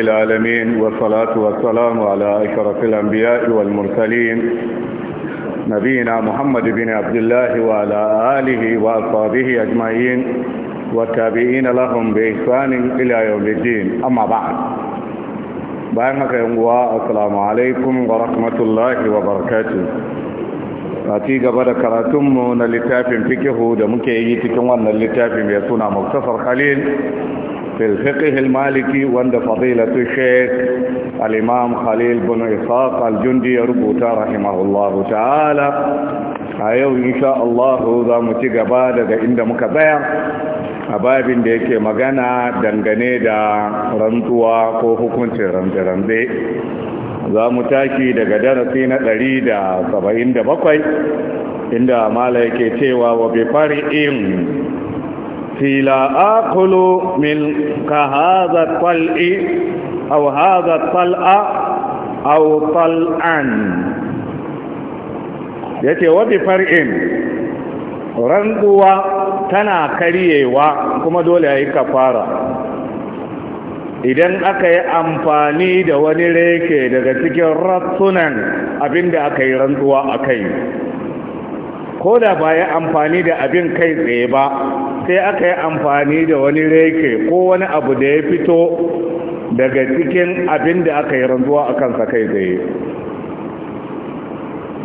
العالمين والصلاة والسلام على أشرف الأنبياء والمرسلين نبينا محمد بن عبد الله وعلى آله وأصحابه أجمعين والتابعين لهم بإحسان إلى يوم الدين أما بعد بارك الله السلام عليكم ورحمة الله وبركاته أتي قبل كراتم من اللتاف فيكه دمك أيتكم من اللتاف يسونا مختصر خليل fil fiqihil maliki wanda fadilatu sheikh al khalil bin ishaq al-jundi ya rubuta rahimahullahu ta'ala a yau insha Allah za mu ci gaba daga inda muka tsaya a babin da yake magana dangane da rantuwa ko hukuncin rambe-rambe za mu tashi daga darasi na ɗari da 177 inda mala yake cewa wa bai fari in في لا آكل ملك هذا الطلع أو هذا الطلع أو طلعا yace wabi far'in rantsuwa tana karyewa kuma dole yayi kafara idan aka yi amfani da wani reke daga cikin ratsunan abinda aka yi rantsuwa a kai ko da ba ya amfani da abin kai tsaye ba sai aka yi amfani da wani reke ko wani abu da ya fito daga cikin abin da aka yi ranzuwa a kansa kai zai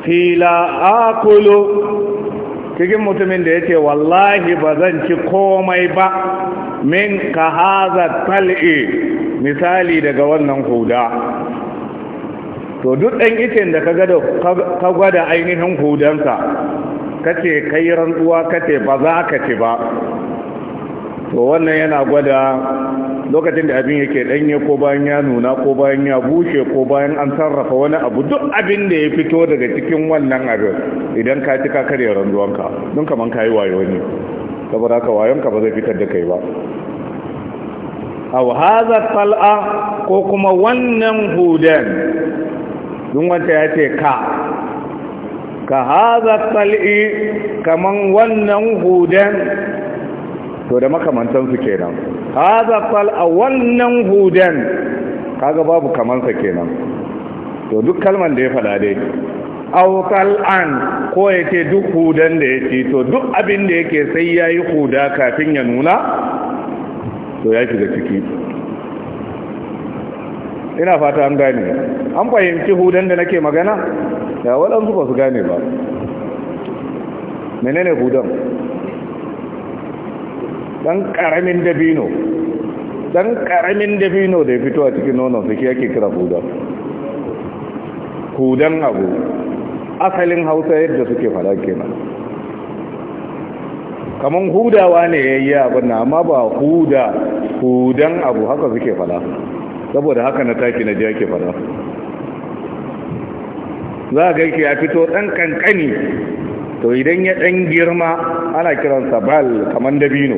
fila akulu cikin mutumin da ya ce wallahi ba zan ci komai ba min ka haza tal'i misali daga wannan huda to duk ɗan itin da ka gwada ainihin hudansa kace kai rantsuwa kace ba za ka ci ba to wannan yana gwada lokacin da abin yake danye ko bayan ya nuna ko bayan ya bushe ko bayan an sarrafa wani abu duk abin da ya fito daga cikin wannan abin idan ka ci ka karya rantsuwanka don kaman ka yi wayo ne saboda haka wayonka ba zai fitar da kai ba aw hadha tal'a ko kuma wannan hudan dun wanda ya ce ka ka haza tsali kaman wannan hudan to da makamantansu kenan haza tal a wannan hudan kaga babu kamansa kenan to duk kalman da ya fada dai aw tal'an ko ce duk hudan da ya ce to duk abin da yake sai ya yi huda kafin ya nuna to ya shiga ciki ina fata an gane an fahimci hudan da nake magana Ya waɗansu ba su gane ba menene hudan dan ƙaramin dabino ɗan ƙaramin dabino da ya fito a cikin nonon su yake kira hudan hudan abu asalin hausa yadda suke fara kenan Kamar hudawa ne ya yi abin amma ba huda hudan abu haka suke fara saboda haka na taki na jake fara za a gaike ya fito ɗan ƙanƙani to idan ya ɗan girma ana kiransa bal kamar dabino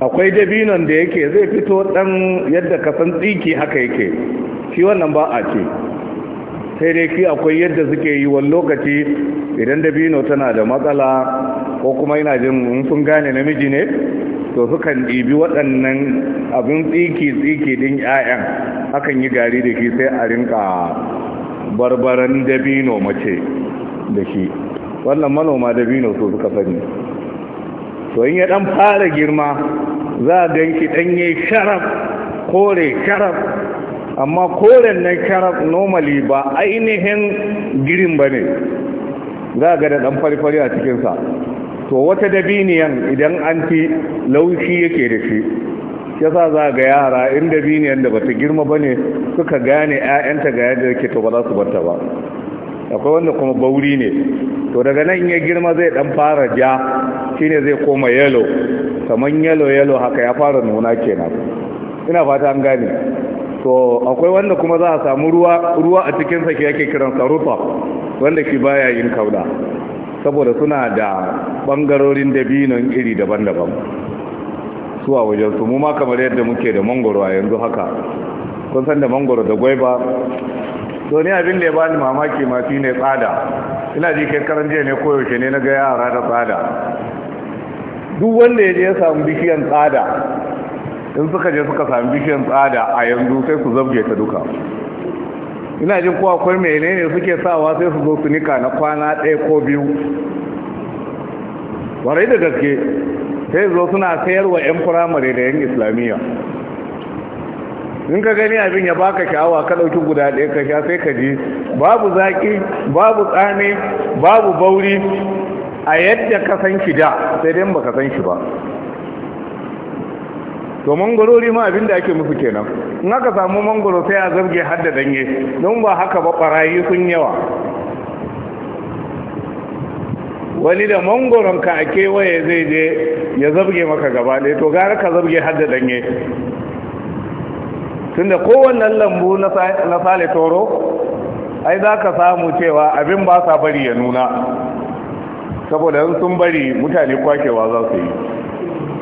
akwai dabinon da yake zai fito ɗan yadda kasan tsiki haka yake shi wannan ba a ce sai dai fi akwai yadda suke yi wani lokaci idan dabino tana da matsala ko kuma yana jin sun gane namiji ne to sukan ɗibi waɗannan abin tsiki-tsiki ɗin 'ya'yan akan yi gari da shi sai a rinka barbaran dabino mace da shi wannan manoma dabino su suka sani to in ya ɗan fara girma za a ganki ɗanye sharaf kore sharaf amma koren nan sharaf normally ba ainihin girin ba ne za a ga da ɗan fari-fari a cikinsa to wata dabiniyan idan an fi laushi yake da shi ya sa za ga yara in dabiniyan da bata girma ba ne suka gane 'ya'yanta ga yadda yake to ba za su banta ba akwai wanda kuma bauri ne to daga nan ya girma zai dan fara ja shine zai koma yalo kaman yalo yellow haka ya fara nuna kenan ina fata an gane to akwai wanda kuma za a samu ruwa ruwa a cikin sa yake kiran sa rufa wanda ki baya yin kauda saboda suna da ɓangarorin dabinon iri daban-daban su a wajensu mu ma kamar yadda muke da mangoro a yanzu haka kun san da mangoro da gwaiba doni abin da ya bani mamaki ma shi ne tsada ina ji kai karan jiya ne koyaushe ne na ga yara da tsada duk wanda ya je ya samu bishiyan tsada in suka je suka samu bishiyan tsada a yanzu sai su zabge ta duka ina jin ko akwai menene suke sawa sai su zo su nika na kwana ɗaya ko biyu warai da gaske sai zo suna sayarwa 'yan firamare da 'yan islamiyya in ka gani abin ya baka sha'awa ka ɗauki guda ɗaya ka sha sai ka ji babu zaƙi babu tsane babu bauri a yadda ka san shi da sai dai ba ka san shi ba to mangwarori ma abin da ake musu kenan in aka samu mangoro sai a zarge har da danye don ba haka ba barayi sun yawa wani da mangoron ka a kewaye zai je ya zarge maka gaba ɗaya to gara ka zabge har da danye tunda kowannen lambu na sale toro ai za ka samu cewa abin ba sa bari ya nuna saboda sun bari mutane kwakewa za su yi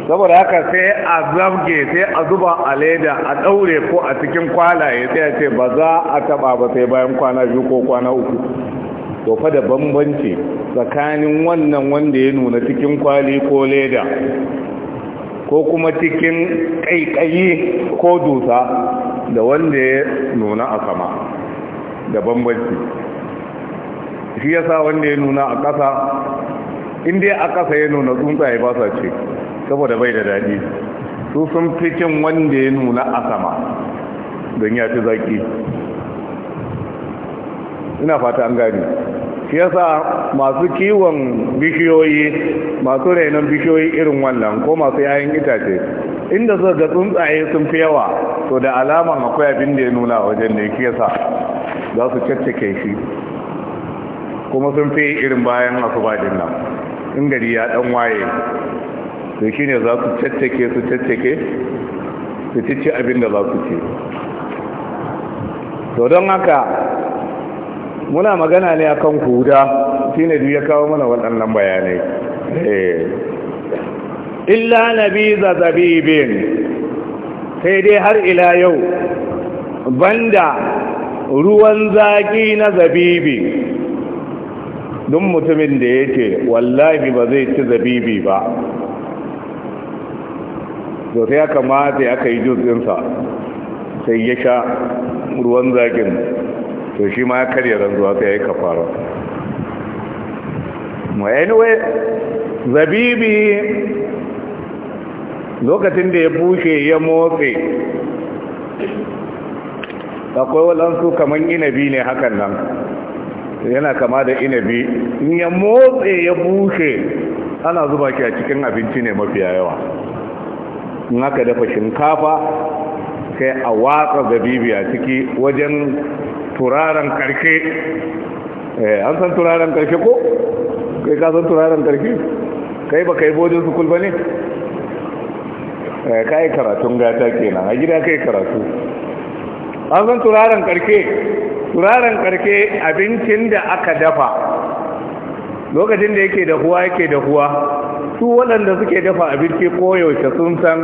saboda haka sai a zamge sai a zuba a leda a ɗaure ko a cikin kwalaye sai a ce ba za a taba ba sai bayan kwana biyu ko kwana uku to fa da bambanci tsakanin wannan wanda ya nuna cikin kwali ko leda ko kuma cikin ƙaiƙayi ko dusa da wanda ya nuna a sama da bambanci shi yasa wanda ya nuna a ƙasa inda a ƙasa ya nuna tsuntsaye ba sa ce saboda bai da daɗi su sun fi kin wanda ya nuna a sama don ya fi zaki ina fata an gani shi yasa masu kiwon bishiyoyi masu rainon bishiyoyi irin wannan ko masu yayin itace inda suka ga tsuntsaye sun fi yawa to da alama akwai abin da ya nuna wajen ne shi yasa za su caccake shi kuma sun fi irin bayan masu badin nan in gari ya dan waye su shi ne za su caccake su caccake su cici abin da za su ce to don haka muna magana ne akan kuda shi ne duk ya kawo mana waɗannan bayanai eh. illa na nabi zabibin sai dai har ila yau banda ruwan zaki na zabibi dun mutumin da yake wallahi ba zai ci zabibi ba to sai aka matse aka yi jutsinsa sai ya sha ruwan zagin to shi ma ya karya rantsuwa sai ya yi kafara anyway zabibi lokacin da ya bushe ya motse akwai waɗansu kamar inabi ne hakan nan yana kama da inabi in ya motse ya bushe ana zuba shi a cikin abinci ne mafiya yawa in aka dafa shinkafa sai a watsa zabibi a ciki wajen turaren karshe eh, an san turaren karshe ko kai ka san turaren karshe kai ba kai bojin su kulba ne eh, ka yi karatun gata kenan a gida kai karatu an san turaren karshe turaren karshe abincin da aka dafa lokacin da yake dahuwa yake dahuwa su waɗanda suke dafa abinci koyaushe sun san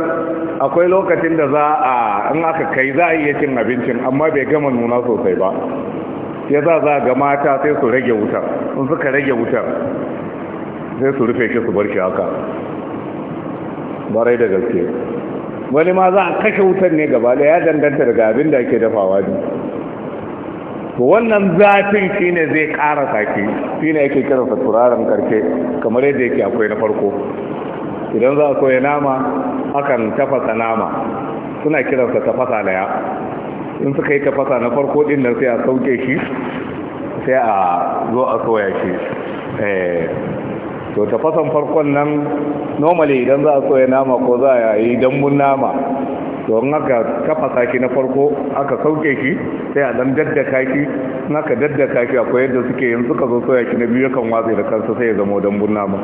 akwai lokacin da za a in aka kai za a iya cin abincin amma bai gama nuna sosai ba ya za za ga mata sai su rage wuta, in suka rage wutar sai su rufe shi su bar shi haka barai da gaske wani ma za a kashe wutar ne gaba da ya danganta daga abin da ake dafawa ne to wannan zafin shine zai ƙara sake shine yake kiransa turaren karfe kamar yadda yake akwai na farko idan za a soya nama akan tafasa nama suna kiransa tafasa daya in suka yi tafasa na farko din nan sai a sauke shi sai a zo a soya shi eh, to tafasan farkon nan normally idan za a soya nama ko za a yi dambun nama don haka tafasa saki na farko aka sauke shi sai a dan daddaka shi in ka daddaka shi akwai yadda suke yin suka zo soya shi na biyu kan watsa da kansa sai ya zama dambun nama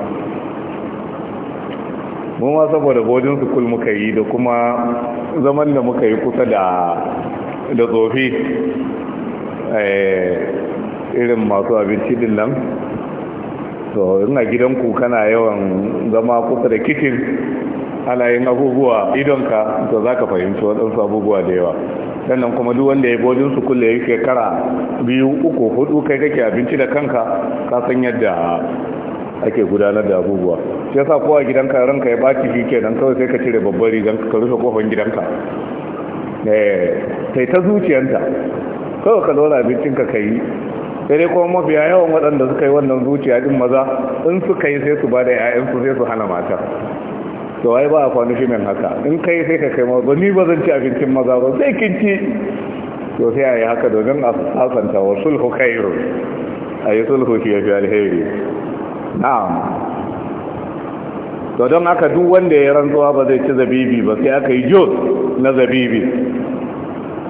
mu ma saboda bodin sukul muka yi da kuma zaman da muka yi kusa da da tsofi eh, irin masu abinci din nan to ina gidanku kana yawan zama kusa da kitchen halayen abubuwa idonka to za ka fahimci waɗansu abubuwa da yawa sannan kuma duk wanda ya bojin su kulle ya shekara biyu uku hudu kai kake abinci da kanka ka san yadda ake gudanar da abubuwa shi yasa kowa gidanka ranka ya baci shi kenan kawai sai ka cire babban rigan ka rufe kofar gidanka eh sai ta zuciyanta kawai ka lura abincin ka kai sai dai kuma mafiya yawan waɗanda suka yi wannan zuciya din maza in suka yi sai su ba da 'ya'yansu sai su hana mata to wai ba a min haka in kai sai ka kai ba ni ba zan ci abincin maza ba sai kin ci to sai a yi haka domin a sasanta wa sulhu khairu a yi sulhu shi ya fi alheri na'am to don haka duk wanda ya rantsuwa ba zai ci zabibi ba sai aka yi jos na zabibi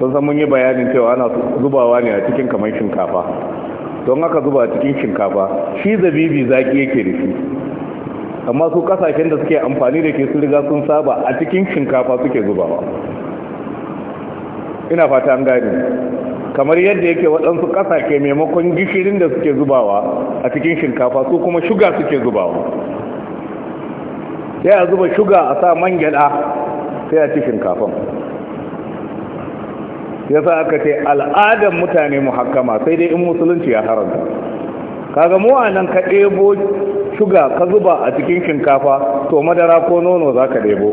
sun san mun yi bayanin cewa ana zubawa ne a cikin kamar shinkafa don haka zuba a cikin shinkafa shi zabibi zaki yake da shi amma su kasashen da suke amfani da ke su riga sun saba a cikin shinkafa suke zubawa ina fata an gani kamar yadda yake waɗansu kasashe maimakon gishirin da suke zubawa a cikin shinkafa su kuma shuga suke zubawa sai a zuba shuga a sa man gyaɗa sai a ci shinkafan ya sa aka ce al'adar mutane muhakkama sai dai in musulunci ya haramta kaga mu a nan ka ɗebo shuga ka zuba a cikin shinkafa to madara ko nono za ka ɗebo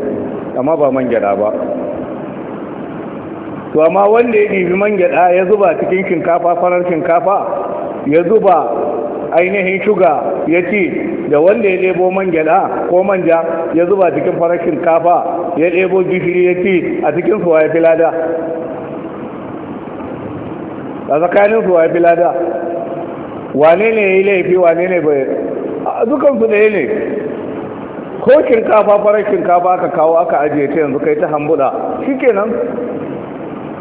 amma ba man gyada ba to amma wanda ya ɗibi man gyada ya zuba cikin shinkafa farar shinkafa ya zuba ainihin shuga ya ci da wanda ya ɗebo man gyada ko manja ya zuba cikin farar shinkafa ya ɗebo gishiri ya ci a cikin suwa ya fi lada a tsakanin suwa ya fi lada wane ne ya yi laifi wane ne bai dukansu ɗaya ne ko shinkafa farar shinkafa aka kawo aka ajiye ta yanzu kai ta hambuda shi kenan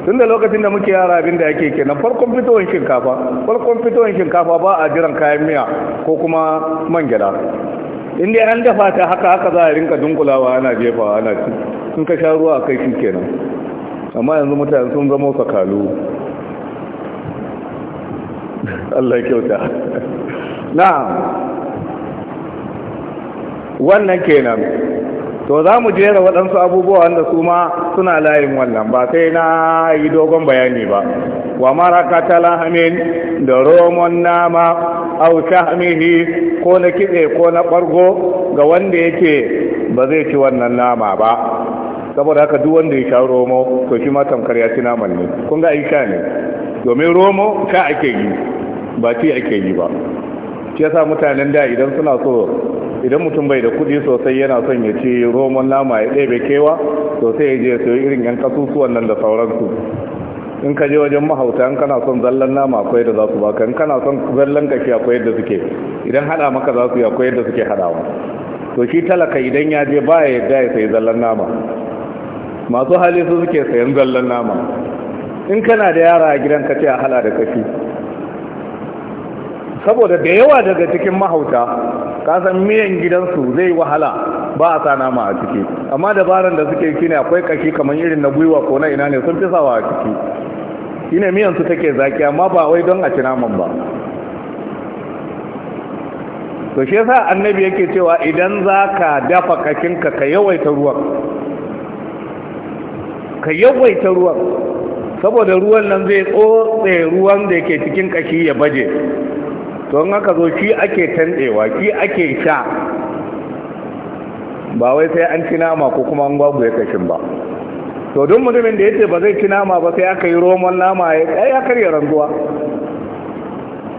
tun da lokacin da muke yara abin da yake kenan farkon fitowar shinkafa farkon fitowar shinkafa ba a jiran kayan miya ko kuma man gida inda an dafa ta haka haka za a rinka dunkulawa ana jefawa ana ci sun ka sha ruwa kai shi kenan amma yanzu mutane sun zama sakalu Allah kyauta na wannan kenan to za mu jera waɗansu abubuwa wanda su ma suna layin wannan ba sai na yi dogon bayani ba wa maraka talahamin da romon nama au ko na kitse ko na ɓargo ga wanda yake ba zai ci wannan nama ba saboda haka duk wanda ya sha romo to shi ma tamkar ya ci ne kun ga aisha ne domin romo ka ake yi ba ci ake yi ba shi yasa mutanen da idan suna so idan mutum bai da kudi sosai yana son ya ci romon nama ya ɗebe kewa sosai ya je sayo irin yan kasusuwan nan da sauransu in ka je wajen mahauta in kana son zallan nama akwai da za su baka in kana son zallan gashi akwai yadda suke idan hada maka za su yi akwai yadda suke hadawa to shi talaka idan ya je ba ya yadda ya sayi zallan nama masu hali su suke sayan zallan nama in kana da yara a gidan ka a hala da kafi saboda da yawa daga cikin mahauta kasan miyan gidansu zai wahala ba a sa nama a ciki amma dabaran da suke shine akwai kashi kamar irin na gwiwa ko na ina ne sun fi sawa a ciki shine miyan su take zaki amma ba wai don a ci naman ba to shi yasa annabi yake cewa idan za ka dafa kakinka ka yawaita ruwan ka yawaita ruwan saboda ruwan nan zai tsotse ruwan da yake cikin kashi ya baje to in aka zo shi ake tantsewa shi ake sha ba wai sai an ci nama ko kuma an ya kashin ba to don mutumin da ya ce ba zai ci nama ba sai aka yi roman nama ya karya ranzuwa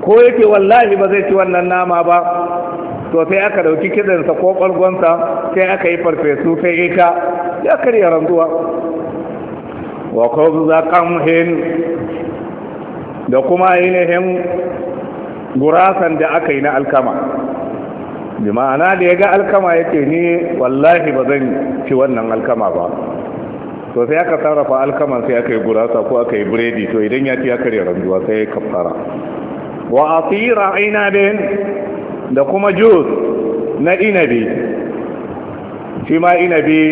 ko yake wallahi ba zai ci wannan nama ba to sai aka dauki kidansa ko kwalgonsa sai aka yi farfesu sai ita ya karya ranzuwa wa ka qamhin da kuma ainihin gurasan da aka yi na alkama bi ma'ana da ya ga alkama yake ni wallahi ba zan ci wannan alkama ba to sai aka sarrafa alkama sai aka yi gurasa ko aka yi biredi to idan ya ci ya karya ranzuwa sai ya kafara wa asira inabin da kuma jus na inabi shi ma inabi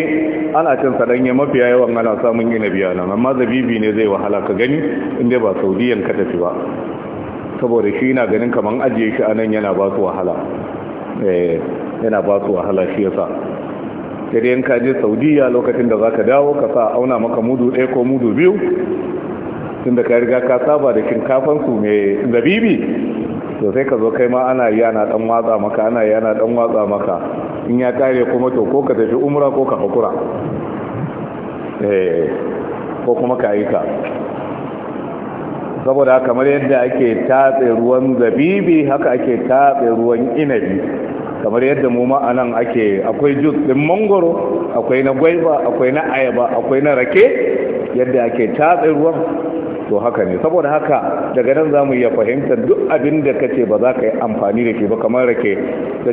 ana cin sa danye mafiya yawan ana samun inabi biya nan amma zabibi ne zai wahala ka gani inda ba saudiyan ka tafi ba saboda shi yana ganin kaman ajiye shi a nan yana ba su wahala eh, yana ba su wahala shi yasa sai dai ka je saudiya lokacin da zaka dawo ka sa auna maka mudu ɗaya ko mudu biyu tunda ka riga ka saba da shinkafan su mai zabibi to sai ka zo kai ma ana yi ana dan watsa maka ana yi ana dan watsa maka in ya kare kuma to ko ka tafi umra ko ka hakura eh, ko kuma ka yi ka saboda kamar yadda ake tatse ruwan zabibi haka ake tatse ruwan inabi kamar yadda mu ma nan ake akwai jus ɗin mangoro akwai na gwaiba akwai na ayaba akwai na rake yadda ake tatse ruwan to haka ne saboda haka daga nan za mu iya fahimtar duk abin da kace ba za ka yi amfani da ke ba kamar rake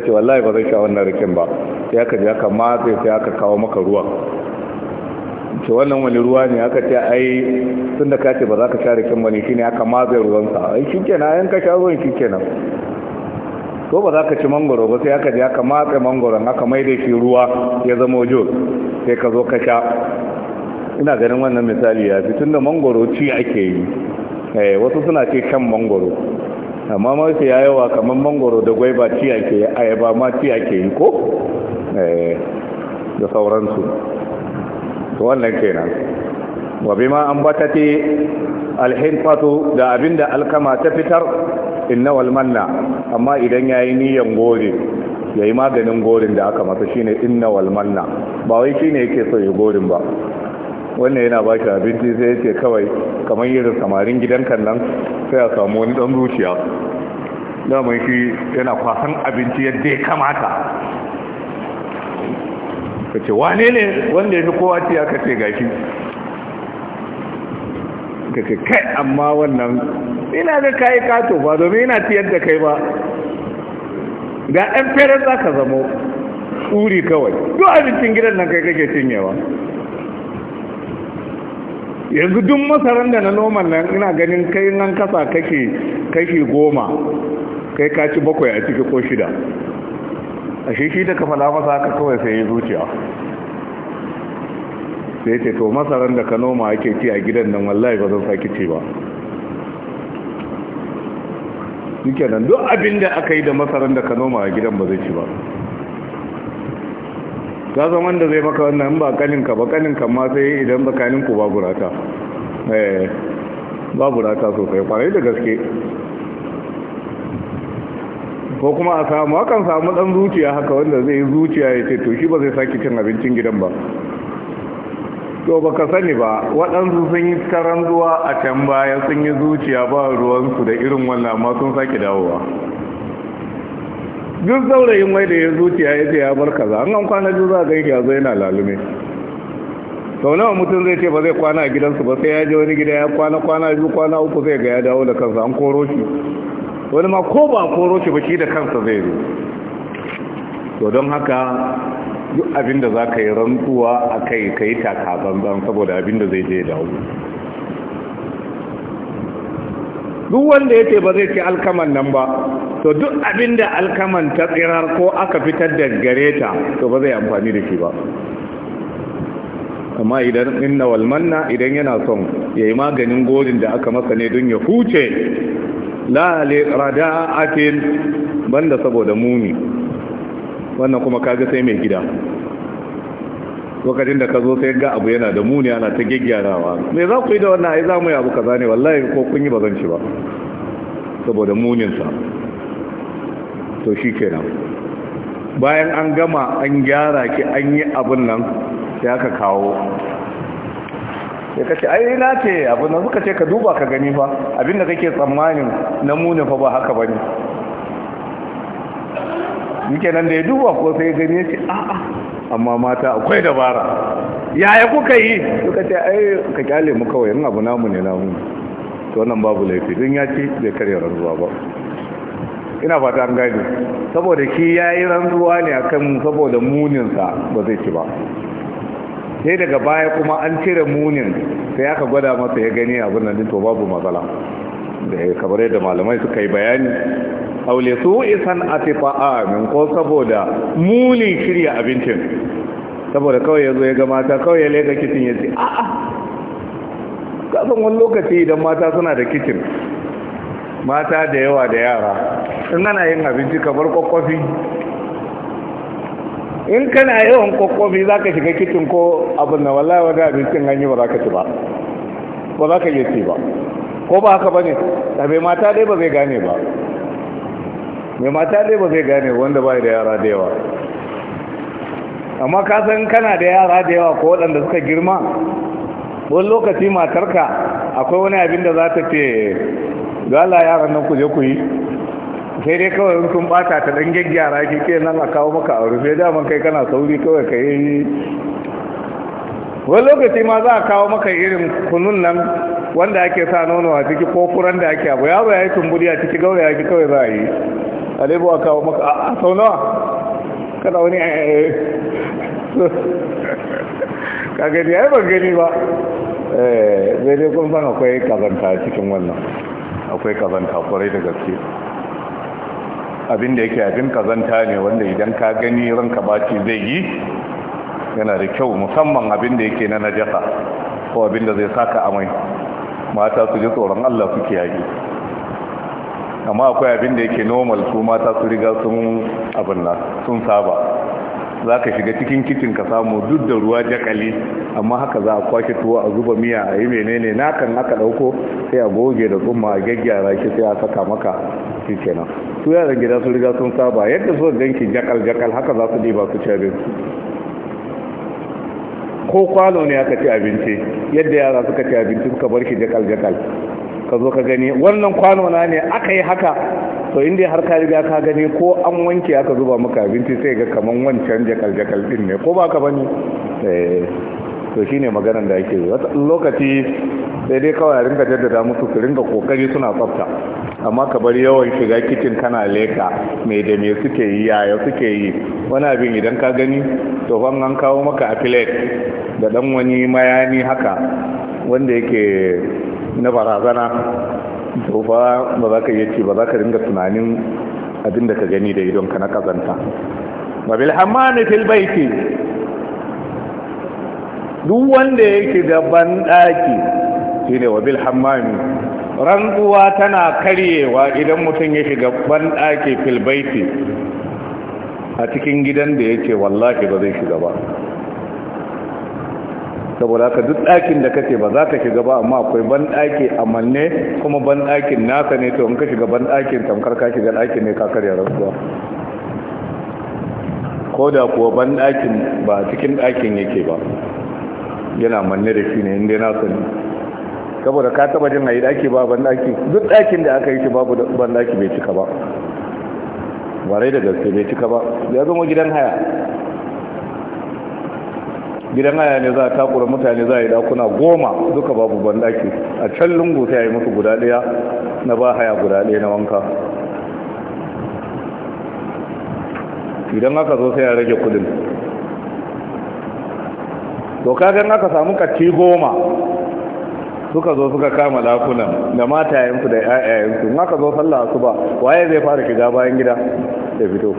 ce wallahi ba zai sha wannan raken ba sai aka je aka matse sai aka kawo maka ruwan ce wannan wani ruwa ne aka ce ai tun da kace ba za ka sha raken ba ne shine aka matse sa ai shikenan ayan ka sha ruwan shikenan To ba za ka ci mangoro ba sai aka je aka matse mangoron aka mai da shi ruwa ya zama jus sai ka zo ka sha ina ganin wannan misali ya fi tun da mangoro ci ake yi eh, wasu suna ce shan mangoro amma sai ya yawa kamar mangoro da gwaiba ci ake yi ayaba ma ci ake yi ko eh, da sauransu to wannan kenan wa bima an batati alhinfatu da abinda alkama ta fitar inna wal amma idan yayi niyan gore yayi maganin gorin da aka masa shine inna wal manna ba wai shine yake so ya gorin ba wannan yana ba shi abinci sai ya ce kawai kamar irin samarin gidan kan nan sai a samu wani dan zuciya daman shi yana kwasan abinci yadda ya kamata ka wane ne wanda ya fi kowa ce aka ce gashi ka ce kai amma wannan ina ga kayi kato ba domin yana ciyar da kai ba ga ɗan fere za ka zamo tsuri kawai duk abincin gidan nan kai kake cinyewa yanzu duk masaran da na noman nan ina ganin kai nan kasa kake kashi goma kai ka ci bakwai a ciki ko shida a shi shi da kafa lamasa masa kawai sai ya zuciya sai ce to masaran da ka noma ake ci a gidan nan wallahi ba zan saki ci ba suke nan duk abin da aka yi da masarar da ka noma a gidan ba zai ci ba ta zaman da zai maka wannan ba kaninka ba kaninka ma sai idan ba kaninku eh, ba burata ba burata sosai kwarai da gaske ko kuma a samu akan samu dan zuciya haka wanda zai zuciya ya ce to shi ba zai sake cin abincin gidan ba to baka sani ba waɗansu sun yi karan zuwa a can baya sun yi zuciya ba ruwansu da irin wannan amma sun sake dawowa duk saurayin mai da ya zuciya ya ce ya bar kaza an an kwana biyu za gaishe ya yazo yana lalume sau nawa mutum zai ce ba zai kwana a gidansu ba sai ya je wani gida ya kwana kwana biyu kwana uku zai ga ya dawo da kansa an koro shi wani ma ko ba koro shi ba shi da kansa zai zo to don haka duk abin da za ka yi rantsuwa a kai ka yi takabanzan saboda abin zai je dawo duk wanda ya ce ba zai ce alkaman nan ba to duk abin da alkaman ta tsirar ko aka fitar da gare ta to ba zai amfani da shi ba amma idan inna walmanna idan yana son ya yi maganin gorin da aka masa ne don ya huce la a banda saboda muni wannan kuma kaga sai mai gida lokacin da ka zo sai ga abu yana da muni ana ta gyaggyarawa me za ku yi da wannan ai za mu yi abu kaza ne wallahi ko kun yi ba zan ci ba saboda muninsa to shi kenan bayan an gama an gyara ki an yi abin nan sai aka kawo ya kace ai na ce abin nan suka ce ka duba ka gani fa abinda kake tsammanin na muni fa ba haka bane yake nan da ya duba ko sai gani ya ce a'a amma mata akwai dabara yaya kuka yi suka ce ai ka kyale mu kawai in abu namu ne namu to wannan babu laifi din ya ce bai karya rantsuwa ba ina fata an gani saboda shi ya yi rantsuwa ne akan mu saboda muninsa ba zai ci ba sai daga baya kuma an cire munin sai aka gwada masa ya gani abin nan to babu matsala da kamar yadda malamai suka yi bayani Haule su isan min ko saboda muni shirya abincin saboda kawai ya zo ya ga mata kawai ya leka kicin ya ce a'a kasan wani lokaci idan mata suna da kicin mata da yawa da yara in ana yin abinci kamar kwakwafi in kana yawan kwakwafi za ka shiga kicin ko abin na wallahi wani abincin yi ba za ka ci ba ba za ka iya ci ba ko ba haka ba ne tabe mata dai ba zai gane ba mai mata dai ba zai gane wanda ba da yara da yawa amma ka san kana da yara da yawa ko waɗanda suka girma wani lokaci matarka akwai wani abin da za ta ce gala yaran nan ku je ku yi sai dai kawai sun bata ta dan gyaggyara ki ke nan a kawo maka a rufe daman kai kana sauri kawai ka yi wani lokaci ma za a kawo maka irin kunun nan wanda ake sa nono a ciki ko furan da ake abu yaro ya yi tumburi a ciki gauraya ki kawai za a yi alibu lebo a kawo maka a sau nawa kada wani a eh, eh, eh. ka gani ya yi ban gani ba zai dai kun san akwai kazanta cikin wannan akwai kazanta kwarai da gaske abinda yake abin kazanta ne wanda idan ka gani ranka baci zai yi yana da kyau musamman abinda yake na najasa ko abinda zai saka amai mata su ji tsoron Allah suke yaki. amma akwai abin da yake normal su mata su riga sun abin nan sun saba za ka shiga cikin kicin ka samu duk da ruwa jakali amma haka za a kwashe tuwo a zuba miya a yi menene na kan aka dauko sai a goge da tsumma a gaggyara shi sai a saka maka shi kenan su yaran gida su riga sun saba yadda su ganki jakal jakal haka za su ɗiba su ci abinci ko kwano ne aka ci abinci yadda yara suka ci abinci suka bar shi jakal jakal ka zo ka gani wannan kwano na ne aka yi haka to inda har ka riga ka gani ko an wanke aka zuba maka abinci sai ga kaman wancan jakal jakal din ne ko ba ka bane eh, to shine maganar da ake yi wata lokaci sai dai kawai rinka jaddada musu su rinka kokari suna tsafta amma ka bari yawan shiga kicin kana leka mai da me suke yi yaya suke yi wani abin idan ka gani to fa an kawo maka a da dan wani mayani haka wanda yake na barazana to ba ba za ka iya ce ba za ka ringa tunanin abin da ka gani da idon ka na kazanta ba bil hamani fil baiti duk wanda yake da banɗaki shine wa bil hammami rantsuwa tana karyewa idan mutum ya shiga banɗaki fil baiti a cikin gidan da yake wallahi ba zai shiga ba saboda ka duk ɗakin da kake ba za ka shiga ba amma akwai banɗaki a manne kuma banɗakin naka ne to in ka shiga banɗakin tamkar ka shiga ɗakin ne ka karya rasuwa ko da kuwa banɗakin ba cikin ɗakin yake ba yana manne da shi ne inda yana sani saboda ka taba jin ayi ɗaki ba ɗaki duk ɗakin da aka yi shi babu banɗaki bai cika ba warai da gaske bai cika ba ya zama gidan haya gidan haya ne za a takura mutane za a yi dakuna goma duka babu bandaki a can lungu sai a yi musu guda ɗaya na ba haya guda ɗaya na wanka idan aka zo sai a rage kudin to gan aka samu katti goma suka zo suka kama dakunan da mata matayensu da ƴaƴayensu in aka zo sallah su ba, waye zai fara shiga bayan gida da fito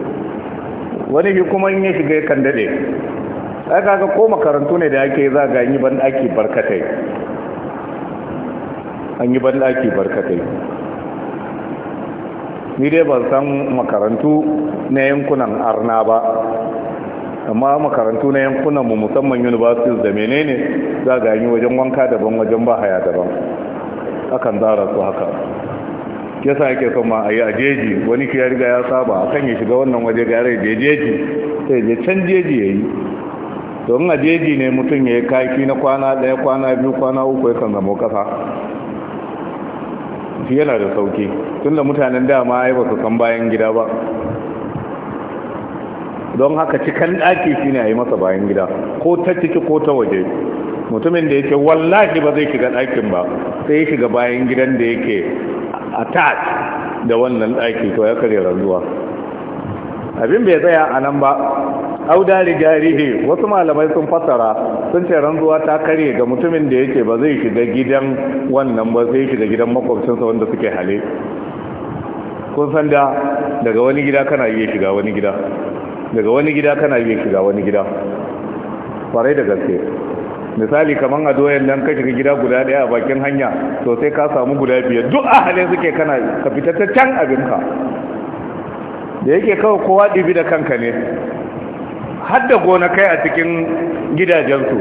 wani kuma in ya shiga kan dade ya kaga ko makarantu ne da ake za ga yi ban barkatai an yi ban barkatai ni dai ban san makarantu na yankunan arna ba amma makarantu na yankunanmu musamman universities da menene za ga yi wajen wanka daban wajen bahaya daban akan zara su haka yasa yake son ma a yi a jeji wani ya riga ya saba a kan ya shiga wannan waje gare da jeji sai je can jeji ya yi don a jeji ne mutum ya yi kaki na kwana daya kwana biyu kwana uku ya kan zama kasa shi yana da sauki tun da mutanen dama ya ba su san bayan gida ba don haka cikin ɗaki shi ne a yi masa bayan gida ko ta ciki ko ta waje mutumin da yake wallahi ba zai shiga ɗakin ba sai ya shiga bayan gidan da yake attach da wannan ɗaki to ya karya ranzuwa abin bai tsaya a nan ba da rigarihi wasu malamai sun fasara sun ce ranzuwa ta kare ga mutumin da yake ba zai shiga gidan wannan ba zai shiga gidan makwabcinsa wanda suke hale kun san da daga wani gida kana iya shiga wani gida daga wani gida kana iya shiga wani gida kwarai da gaske misali kamar a doyen nan ka shiga gida guda daya a bakin hanya to sai ka samu guda biyar duk a hale suke kana ka fitattaccen abinka da yake kawai kowa ɗibi da kanka ne har da kai a cikin gidajensu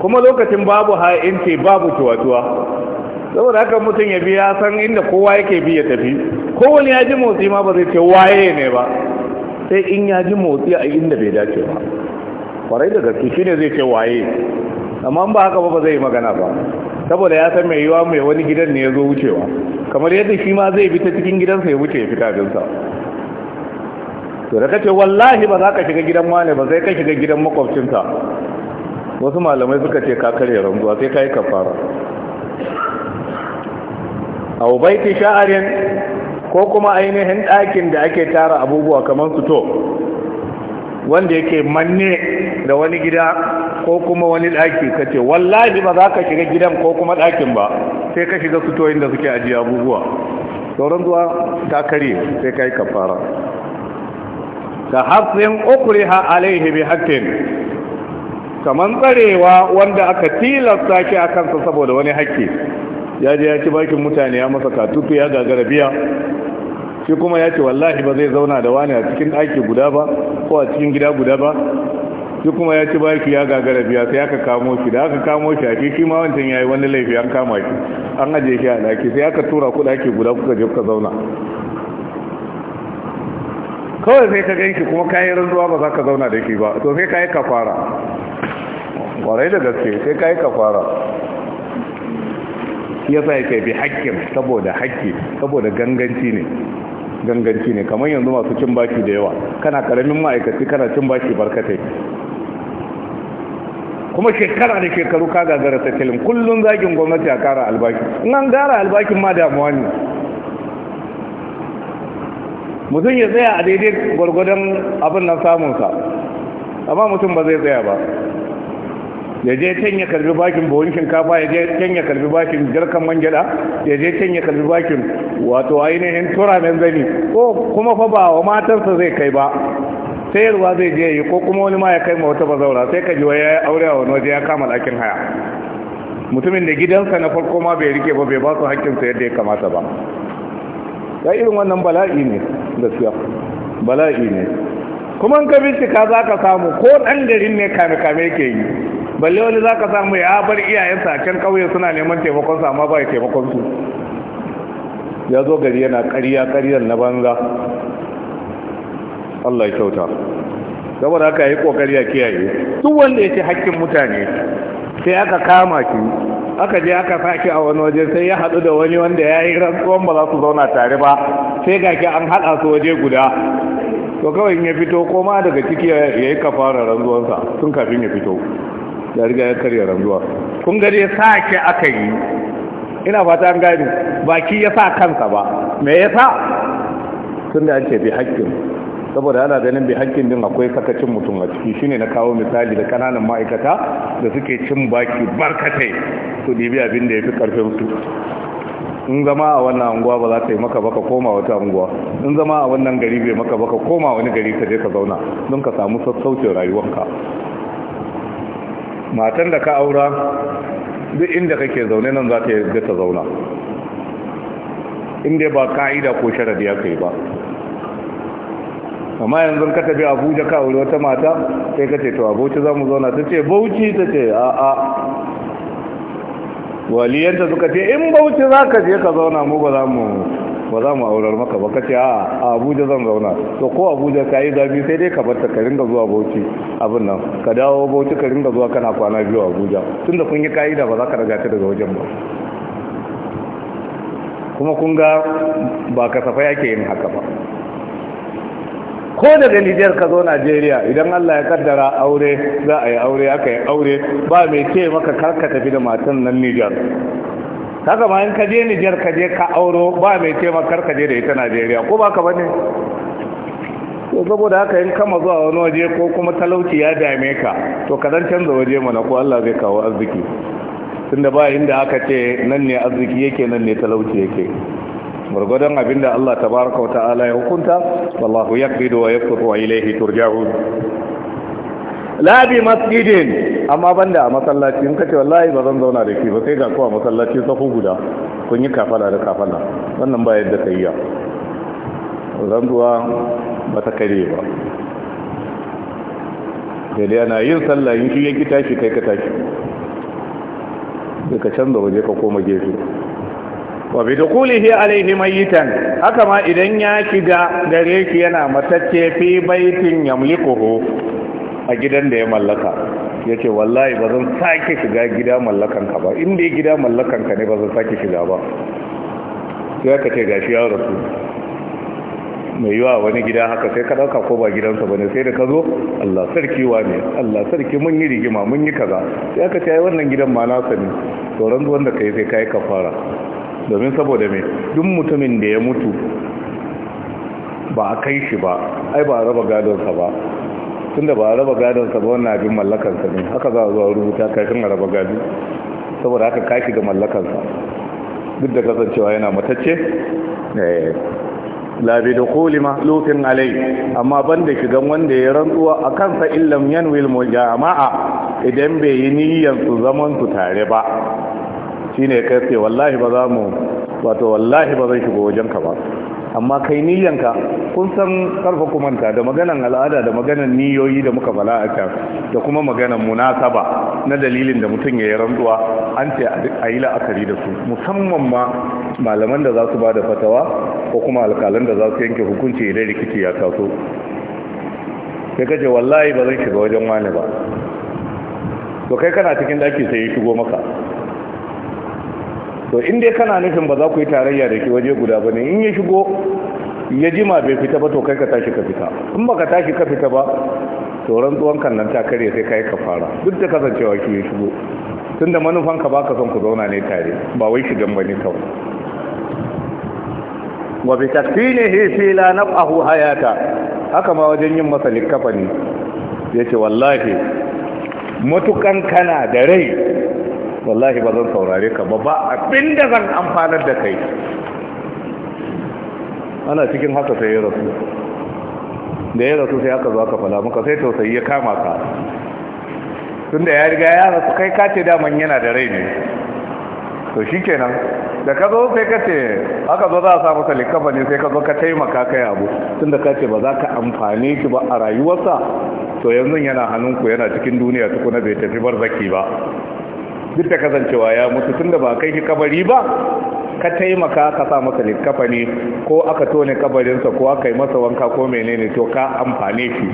kuma lokacin babu ha'inci babu tuwatuwa saboda haka mutum ya biya san inda kowa yake bi ya tafi kowane ya ji motsi ma ba zai ce waye ne ba sai in ya ji motsi a inda bai dace ba kwarai da gaske shine zai ce waye amma ba haka ba zai yi magana ba saboda ya san mai yiwa mai wani gidan ne ya zo wucewa kamar yadda shi ma zai bi ta cikin gidansa ya wuce ya fita jinsa to da kace wallahi ba za ka shiga gidan wane ba sai ka shiga gidan makwabcinka wasu malamai suka ce ka kare ranzuwa sai ka yi kafara a baiti sha'arin ko kuma ainihin ɗakin da ake tara abubuwa kamar su to wanda yake manne da wani gida ko kuma wani ɗaki ka ce wallahi ba za ka shiga gidan ko kuma ɗakin ba sai ka shiga sutoyin da suke ajiye abubuwa sauran zuwa ta kare sai ka yi kafara ka hafsin ukriha alaihi bi haqqin kaman tsarewa wanda aka tilasta shi akan sa saboda wani haƙƙi ya je ya ci bakin mutane ya masa katutu ya gagara biya shi kuma ya ce wallahi ba zai zauna da wani a cikin ɗaki guda ba ko a cikin gida guda ba shi kuma ya ci baki ya gagara biya sai aka kamo shi da aka kamo shi a fi shi ma wancan ya yi wani laifi an kama shi an ajiye shi a ɗaki sai aka tura ku ɗaki guda kuka je kuka zauna kawai sai ka ganki kuma kayan rantsuwa ba za ka zauna da shi ba to sai ka yi kafara warai da gaske sai ka yi kafara ya sa yake bi haƙƙin saboda haƙƙi saboda ganganci ne ganganci ne kamar yanzu masu cin baki da yawa kana karamin ma'aikaci kana cin baki barkatai kuma shekara da shekaru ka gagara tattalin kullum zagin gwamnati a kara albaki in an gara albakin ma damuwa ne mutum ya tsaya a daidai gwargwadon abin na samunsa amma mutum ba zai tsaya ba ya je can ya karbi bakin buhun shinkafa ya je can ya karbi bakin jirkan man ya je can ya karbi bakin wato ainihin mai zani ko kuma fa ba wa matarsa zai kai ba sayarwa zai je yi ko kuma wani ma ya kai ma wata bazaura sai ka jiwa wa ya aure a wani waje ya kama ɗakin haya mutumin da gidansa na farko ma bai rike ba bai ba su hakkinsa yadda ya kamata ba ga irin wannan bala'i ne gaskiya bala'i ne kuma ka bincika za ka samu ko ɗan garin ne kame-kame ke yi balle wani za ka samu ya bar iyayensa a can ƙauye suna neman taimakonsa amma ba ya taimakonsu ya zo gari yana ƙarya ƙaryar na banza Allah ya kyauta saboda haka yi ƙoƙari a kiyaye duk wanda ya ce hakkin mutane sai aka kama shi aka je aka sake a wani waje sai ya haɗu da wani wanda ya yi rantsuwan ba za su zauna tare ba sai ga ki an haɗa su waje guda to kawai in ya fito koma daga ciki ya yi kafara rantsuwansa tun kafin ya fito ya riga ya karya rantsuwa kun ga sake aka yi ina fata an gani baki ya sa kansa ba me ya sa tun da an ce bi haƙƙin saboda ana ganin bai hakkin din akwai sakacin mutum a ciki shine na kawo misali da kananan ma'aikata da suke cin baki barkatai su ɗibi abin da ya fi ƙarfin su in zama a wannan anguwa ba za ta yi maka baka koma wata anguwa in zama a wannan gari bai maka baka koma wani gari ka je ka zauna don ka samu sassaucin rayuwanka matan da ka aura duk inda kake zaune nan za ta yi ta zauna inda ba ka'ida ko sharadi ya kai ba amma yanzu ka tafi abuja ka wuri wata mata sai ka ce to abuja za mu zauna ta ce bauchi ta ce a a waliyanta suka ce in bauchi za ka je ka zauna mu ba za mu ba za mu aurar maka ba ka ce a Abuja zan zauna to ko Abuja ka yi zabi sai dai ka bar ta ka ringa zuwa Bauchi abin nan ka dawo Bauchi ka ringa zuwa kana kwana biyu Abuja tunda kun yi kaida ba za ka riga ta daga wajen ba kuma kun ga ba kasafai ake yin haka ba ko daga Nijar ka zo Najeriya idan Allah ya kaddara aure za a yi aure aka yi aure ba mai ce maka kar tafi da matan nan Nijar haka ma in ka je Nijar ka je ka auro ba mai ce maka kar je da ita Najeriya ko ba ka bane to saboda haka in kama zuwa wani waje ko kuma talauci ya dame ka to ka dan canza waje mana ko Allah zai kawo arziki tunda ba inda aka ce nan ne arziki yake nan ne talauci yake gurgudan abinda Allah tabaraka wa ta'ala ya hukunta wallahu yaqbidu wa yaqtu wa ilayhi turja'un la bi masjidin amma banda a masallaci in kace wallahi ba zan zauna da shi ba sai ga a masallaci safu guda kun yi kafala da kafala wannan ba yadda kai ya zanduwa ba ta kare ba sai dai ana yin sallah in shi ya tashi kai ka tashi sai ka canza waje ka koma gefe wa bi dukulihi alayhi mayitan haka ma idan ya shiga gare shi yana matacce fi baitin yamlikuhu a gidan da ya mallaka yace wallahi ba zan sake shiga gida mallakan ka ba inda ya gida mallakan ka ne ba zan sake shiga ba sai aka ce gashi ya rasu mai yiwa wani gida haka sai ka dauka ko ba gidansa bane sai da ka zo Allah sarki wa ne Allah sarki mun yi rigima mun yi kaza sai aka ce ai wannan gidan ma nasa ne to ran zuwan da kai sai kai kafara domin saboda mai duk mutumin da ya mutu ba a kai shi ba ai ba a raba gadonsa ba tunda ba a raba gadonsa ba wannan abin mallakansa ne haka za a zuwa rubuta kashin a raba gadi saboda haka kashi ga mallakansa duk da kasancewa yana matacce eh, labi da koli mahlufin alai amma ban da shigan wanda ya rantsuwa a kansa illam yanwil jama'a idan bai yi niyyar su zaman su tare ba shine kai ce wallahi ba za mu wato wallahi ba zai shigo wajenka ba amma kai niyyanka kun san karfa kumanta da maganan al'ada da maganan niyoyi da muka bala a can da kuma maganan munasaba na dalilin da mutum ya yi an ce a yi la'akari da su musamman ma malaman da za su ba fatawa ko kuma alkalan da za su yanke hukunci idan rikici ya taso sai ka ce wallahi ba zan shiga wajen wani ba to kai kana cikin daki sai ya shigo maka to in dai kana nufin ba za ku yi tarayya da shi waje guda ba ne in ya shigo ya jima bai fita ba to kai ka tashi ka fita in baka tashi ka fita ba to rantsuwan kan nan ta karye sai kai ka fara duk da kasancewa shi ya shigo tunda manufan ka baka son ku zauna ne tare ba wai shigan ne kawai wa bi takfinihi fi la naf'ahu hayata haka ma wajen yin masa likafani yace wallahi matukan kana da rai wallahi ba zan saurare ka ba ba abinda zan amfanar da kai ana cikin haka sai ya rasu da ya rasu sai aka zo aka fala muka sai tausayi ya kama ka tun da ya riga ya rasu kai ka ce daman yana da rai ne to shi kenan da ka zo sai ka ce aka zo za a samu masa ne sai ka zo ka taimaka kai abu tun da ka ce ba za ka amfani shi ba a rayuwarsa to yanzu yana hannunku yana cikin duniya tukuna bai tafi barzaki ba duk da kasancewa ya mutu tun da ba kai shi kabari ba ka taimaka ka sa masa likafani ko aka tone kabarinsa ko aka yi masa wanka ko menene to ka amfane shi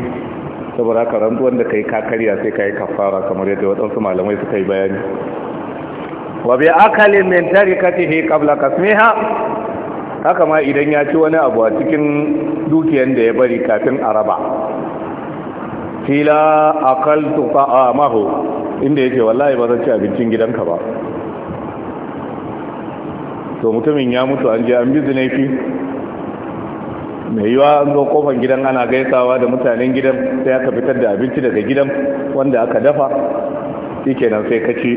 saboda haka rantsu da kai ka karya sai ka kafara kamar yadda waɗansu malamai suka yi bayani wa bi akali min tarikatihi qabla kasmiha haka ma idan ya ci wani abu a cikin dukiyar da ya bari kafin araba Fila a kaltu a maho inda yake wallahi ba zan ci abincin gidanka ba to mutumin ya mutu an je an bi zinaifi mai yiwa an zo kofar gidan ana gaisawa da mutanen gidan sai aka fitar da abinci daga gidan wanda aka dafa shi kenan sai ka ci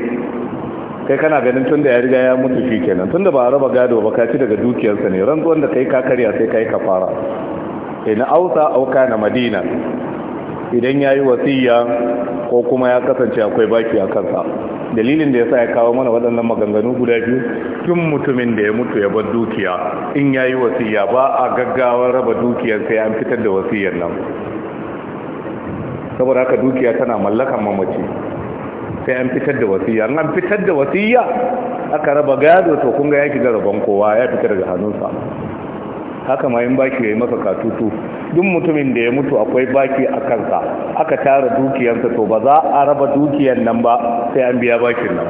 kai kana ganin tun da ya riga ya mutu shi kenan tun da ba a raba gado ba ka ci daga dukiyarsa ne rantsuwan da kai ka karya sai ka yi kafara sai na ausa auka na madina idan ya yi wasiya ko kuma ya kasance akwai baki a kansa dalilin da ya sa ya kawo mana waɗannan maganganu guda biyu tun mutumin da ya mutu ya bar dukiya in ya yi wasiya ba a gaggawar raba dukiyar sai an fitar da wasiyar nan saboda haka dukiya tana mallakan mamaci sai an fitar da wasiya an fitar da wasiya aka raba gado to kun ga ya shiga rabon kowa ya fitar da hannunsa haka ma in baki ya yi masa katutu duk mutumin da ya mutu akwai baki a kansa aka tara dukiyarsa to ba za a raba dukiyar nan ba sai an biya bakin nan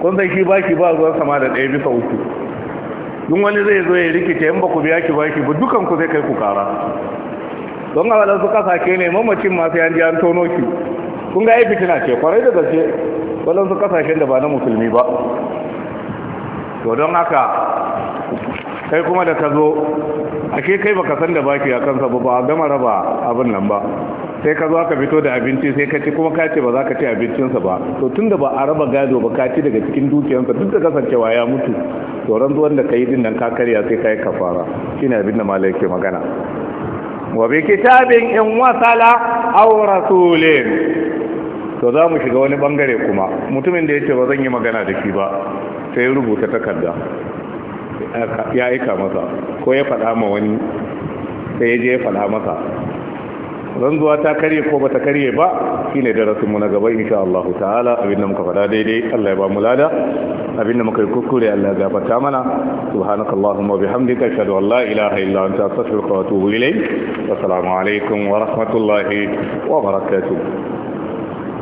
kun san shi baki ba ruwan sama da ɗaya bisa uku duk wani zai zo ya rikice in ba ku biya ki baki ba dukan ku zai kai ku kara don a waɗansu kasashe ne mamacin masu yanzu an tono ki kun ga aiki tana ce kwarai da gaske waɗansu kasashen da ba na musulmi ba to don haka kai kuma da ta zo ke kai baka san da baki a kansa ba ba gama raba abin nan ba sai ka zo aka fito da abinci sai ka ci kuma ka ce ba za ka ci abincinsa ba to tun da ba a raba gado ba ka ci daga cikin dukiyarsa duk da kasancewa ya mutu to zuwan da ka yi din nan ka karya sai ka yi kafara shine abin da malai ke magana wa bi kitabin in wasala aw rasulin to za mu shiga wani bangare kuma mutumin da yake ba zan yi magana da shi ba sai rubuta takarda ya aika masa ko ya faɗa ma wani sai ya je ya faɗa masa ranzuwa ta karye ko bata karye ba shine darasin mu na gaba insha Allah ta'ala abinda muka faɗa daidai Allah ya ba mu lada abinda muka yi kuskure Allah ya gafarta mana subhanakallahumma wa bihamdika ashhadu an la ilaha illa anta astaghfiruka wa atubu ilayk assalamu alaikum wa rahmatullahi wa barakatuh